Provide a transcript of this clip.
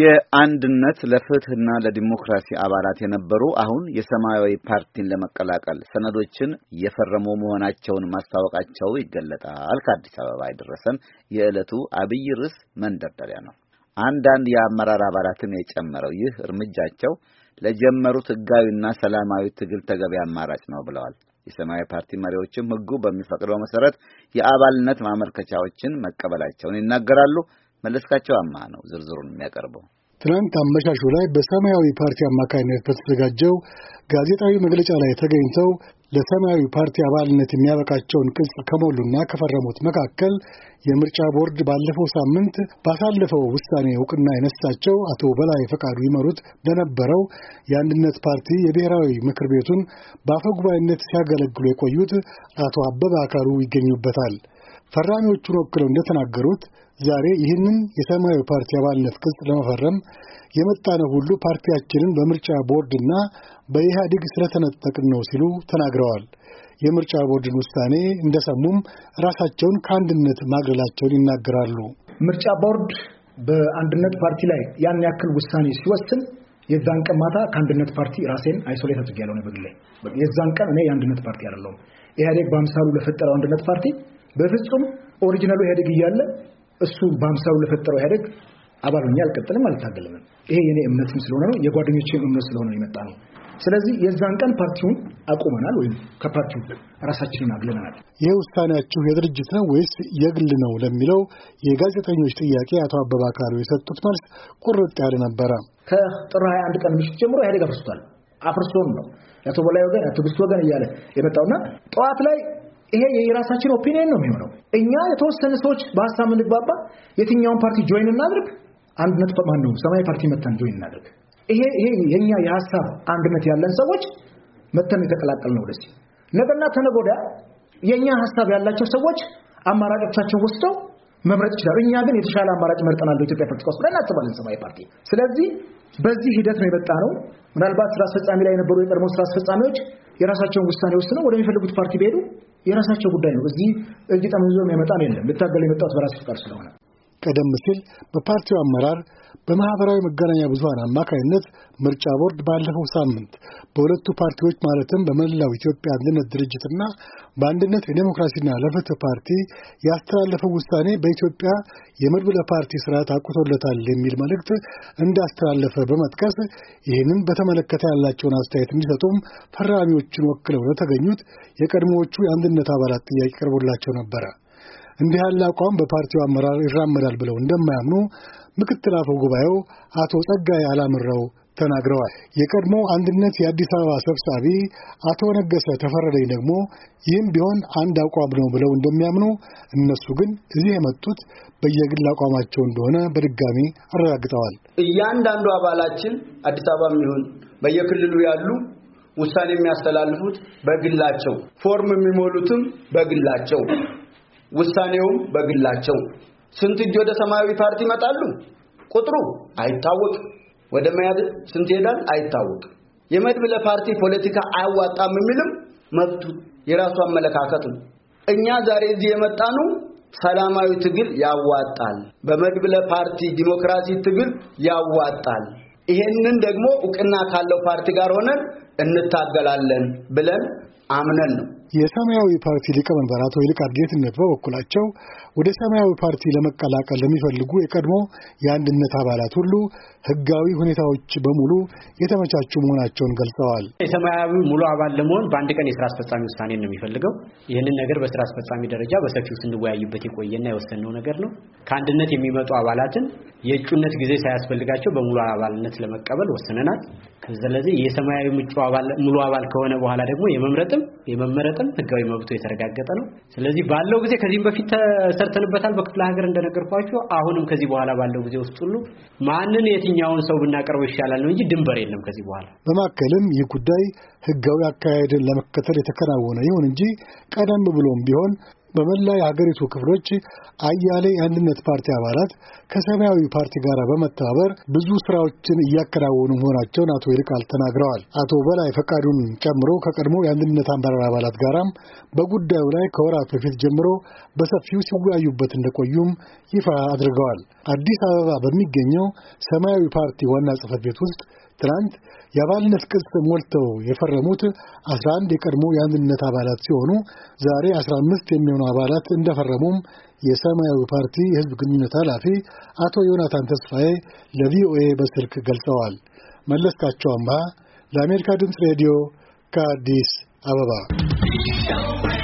የአንድነት ለፍትህና ለዲሞክራሲ አባላት የነበሩ አሁን የሰማያዊ ፓርቲን ለመቀላቀል ሰነዶችን እየፈረሙ መሆናቸውን ማስታወቃቸው ይገለጣል። ከአዲስ አበባ የደረሰን የዕለቱ አብይ ርዕስ መንደርደሪያ ነው። አንዳንድ የአመራር አባላትን የጨመረው ይህ እርምጃቸው ለጀመሩት ህጋዊና ሰላማዊ ትግል ተገቢ አማራጭ ነው ብለዋል የሰማያዊ ፓርቲ መሪዎችም ህጉ በሚፈቅደው መሰረት የአባልነት ማመልከቻዎችን መቀበላቸውን ይናገራሉ። መለስካቸው አማ ነው ዝርዝሩን የሚያቀርበው። ትናንት አመሻሹ ላይ በሰማያዊ ፓርቲ አማካኝነት በተዘጋጀው ጋዜጣዊ መግለጫ ላይ ተገኝተው ለሰማያዊ ፓርቲ አባልነት የሚያበቃቸውን ቅጽ ከሞሉና ከፈረሙት መካከል የምርጫ ቦርድ ባለፈው ሳምንት ባሳለፈው ውሳኔ እውቅና የነሳቸው አቶ በላይ ፈቃዱ ይመሩት በነበረው የአንድነት ፓርቲ የብሔራዊ ምክር ቤቱን በአፈጉባኤነት ሲያገለግሉ የቆዩት አቶ አበበ አካሉ ይገኙበታል። ፈራሚዎቹን ወክለው እንደተናገሩት ዛሬ ይህንን የሰማያዊ ፓርቲ አባልነት ቅጽ ለመፈረም የመጣነው ሁሉ ፓርቲያችንን በምርጫ ቦርድና በኢህአዴግ ስለተነጠቅን ነው ሲሉ ተናግረዋል። የምርጫ ቦርድን ውሳኔ እንደሰሙም ራሳቸውን ከአንድነት ማግለላቸውን ይናገራሉ። ምርጫ ቦርድ በአንድነት ፓርቲ ላይ ያን ያክል ውሳኔ ሲወስን የዛን ቀን ማታ ከአንድነት ፓርቲ ራሴን አይሶሌት አድርጌያለሁ። በግሌ የዛን ቀን እኔ የአንድነት ፓርቲ አይደለሁም። ኢህአዴግ በአምሳሉ ለፈጠረው አንድነት ፓርቲ በፍጹም ኦሪጂናሉ ኢህአዴግ እያለ እሱ በአምሳሉ ለፈጠረው ኢህአዴግ አባል ሆኜ አልቀጥልም፣ አልታገልም። ይሄ የኔ እምነትም ስለሆነ ነው የጓደኞቼም እምነት ስለሆነ ነው የመጣ ነው። ስለዚህ የዛን ቀን ፓርቲውን አቁመናል ወይም ከፓርቲው ራሳችንን አግለናል። ይህ ውሳኔያችሁ የድርጅት ነው ወይስ የግል ነው ለሚለው የጋዜጠኞች ጥያቄ አቶ አበባ ካሉ የሰጡት መልስ ቁርጥ ያለ ነበረ። ከጥር 21 ቀን ምሽት ጀምሮ ኢህአዴግ አፍርሷል። አፍርሶም ነው የአቶ በላይ ወገን፣ የአቶ ግስት ወገን እያለ የመጣውና ጠዋት ላይ ይሄ የራሳችን ኦፒኒየን ነው የሚሆነው። እኛ የተወሰነ ሰዎች በሀሳብ ንግባባ የትኛውን ፓርቲ ጆይን እናድርግ፣ አንድ ነጥብ ማን ነው ሰማያዊ ፓርቲ መተን ጆይን እናድርግ። ይሄ ይሄ የኛ የሀሳብ አንድነት ያለን ሰዎች መተን የተቀላቀል ነው። ደስ ነገና ተነጎዳ የኛ ሀሳብ ያላቸው ሰዎች አማራጮቻቸውን ወስደው መምረጥ ይችላሉ። እኛ ግን የተሻለ አማራጭ መርጠናል በኢትዮጵያ ፖለቲካ ውስጥ ብለን እናስባለን ሰማያዊ ፓርቲ። ስለዚህ በዚህ ሂደት ነው የመጣ ነው። ምናልባት ስራ አስፈጻሚ ላይ የነበሩ የቀድሞ ስራ አስፈጻሚዎች የራሳቸውን ውሳኔ ወስነው ወደሚፈልጉት ፓርቲ ቢሄዱ የራሳቸው ጉዳይ ነው። እዚህ እጅ ጠምዞ የሚያመጣን የለም። ልታገል የመጣሁት በራሴ ፍቃድ ስለሆነ ቀደም ሲል በፓርቲው አመራር በማኅበራዊ መገናኛ ብዙሀን አማካኝነት ምርጫ ቦርድ ባለፈው ሳምንት በሁለቱ ፓርቲዎች ማለትም በመላው ኢትዮጵያ አንድነት ድርጅትና በአንድነት የዴሞክራሲና ለፍትህ ፓርቲ ያስተላለፈው ውሳኔ በኢትዮጵያ የመድብለ ፓርቲ ስርዓት አቁቶለታል የሚል መልእክት እንዳስተላለፈ በመጥቀስ ይህንም በተመለከተ ያላቸውን አስተያየት እንዲሰጡም ፈራሚዎቹን ወክለው ለተገኙት የቀድሞዎቹ የአንድነት አባላት ጥያቄ ቀርቦላቸው ነበረ። እንዲህ ያለ አቋም በፓርቲው አመራር ይራመዳል ብለው እንደማያምኑ ምክትል አፈ ጉባኤው አቶ ጸጋዬ አላምረው ተናግረዋል። የቀድሞ አንድነት የአዲስ አበባ ሰብሳቢ አቶ ነገሰ ተፈረደኝ ደግሞ ይህም ቢሆን አንድ አቋም ነው ብለው እንደሚያምኑ፣ እነሱ ግን እዚህ የመጡት በየግል አቋማቸው እንደሆነ በድጋሚ አረጋግጠዋል። እያንዳንዱ አባላችን አዲስ አበባ የሚሆን በየክልሉ ያሉ ውሳኔ የሚያስተላልፉት በግላቸው ፎርም የሚሞሉትም በግላቸው ውሳኔውም በግላቸው። ስንት እጅ ወደ ሰማያዊ ፓርቲ ይመጣሉ? ቁጥሩ አይታወቅ። ወደ መያድ ስንት ይሄዳል? አይታወቅ። የመድብለ ፓርቲ ፖለቲካ አያዋጣም የሚልም መብቱ የራሱ አመለካከት ነው። እኛ ዛሬ እዚህ የመጣኑ ሰላማዊ ትግል ያዋጣል፣ በመድብለ ፓርቲ ዲሞክራሲ ትግል ያዋጣል፣ ይሄንን ደግሞ እውቅና ካለው ፓርቲ ጋር ሆነን እንታገላለን ብለን አምነን ነው። የሰማያዊ ፓርቲ ሊቀመንበር አቶ ይልቃል ጌትነት በበኩላቸው ወደ ሰማያዊ ፓርቲ ለመቀላቀል ለሚፈልጉ የቀድሞ የአንድነት አባላት ሁሉ ሕጋዊ ሁኔታዎች በሙሉ የተመቻቹ መሆናቸውን ገልጸዋል። የሰማያዊ ሙሉ አባል ለመሆን በአንድ ቀን የስራ አስፈጻሚ ውሳኔ ነው የሚፈልገው። ይህንን ነገር በስራ አስፈጻሚ ደረጃ በሰፊው ስንወያይበት የቆየና የወሰንነው ነገር ነው። ከአንድነት የሚመጡ አባላትን የእጩነት ጊዜ ሳያስፈልጋቸው በሙሉ አባልነት ለመቀበል ወስነናል። ስለዚህ የሰማያዊ ሙሉ አባል ከሆነ በኋላ ደግሞ የመምረጥም የመመረጥም ህጋዊ መብቱ የተረጋገጠ ነው። ስለዚህ ባለው ጊዜ ከዚህም በፊት ተሰርተንበታል በክፍለ ሀገር እንደነገርኳችሁ፣ አሁንም ከዚህ በኋላ ባለው ጊዜ ውስጥ ሁሉ ማንን የትኛውን ሰው ብናቀርበው ይሻላል ነው እንጂ ድንበር የለም ከዚህ በኋላ። በማከልም ይህ ጉዳይ ህጋዊ አካሄድን ለመከተል የተከናወነ ይሁን እንጂ ቀደም ብሎም ቢሆን በመላ የሀገሪቱ ክፍሎች አያሌ የአንድነት ፓርቲ አባላት ከሰማያዊ ፓርቲ ጋር በመተባበር ብዙ ስራዎችን እያከናወኑ መሆናቸውን አቶ ይልቃል ተናግረዋል። አቶ በላይ ፈቃዱን ጨምሮ ከቀድሞ የአንድነት አመራር አባላት ጋራም በጉዳዩ ላይ ከወራት በፊት ጀምሮ በሰፊው ሲወያዩበት እንደቆዩም ይፋ አድርገዋል። አዲስ አበባ በሚገኘው ሰማያዊ ፓርቲ ዋና ጽህፈት ቤት ውስጥ ትናንት የአባልነት ቅጽ ሞልተው የፈረሙት 11 የቀድሞ የአንድነት አባላት ሲሆኑ ዛሬ 15 የሚሆኑ አባላት እንደፈረሙም የሰማያዊ ፓርቲ የሕዝብ ግንኙነት ኃላፊ አቶ ዮናታን ተስፋዬ ለቪኦኤ በስልክ ገልጸዋል። መለስካቸው አምሃ ለአሜሪካ ድምፅ ሬዲዮ ከአዲስ አበባ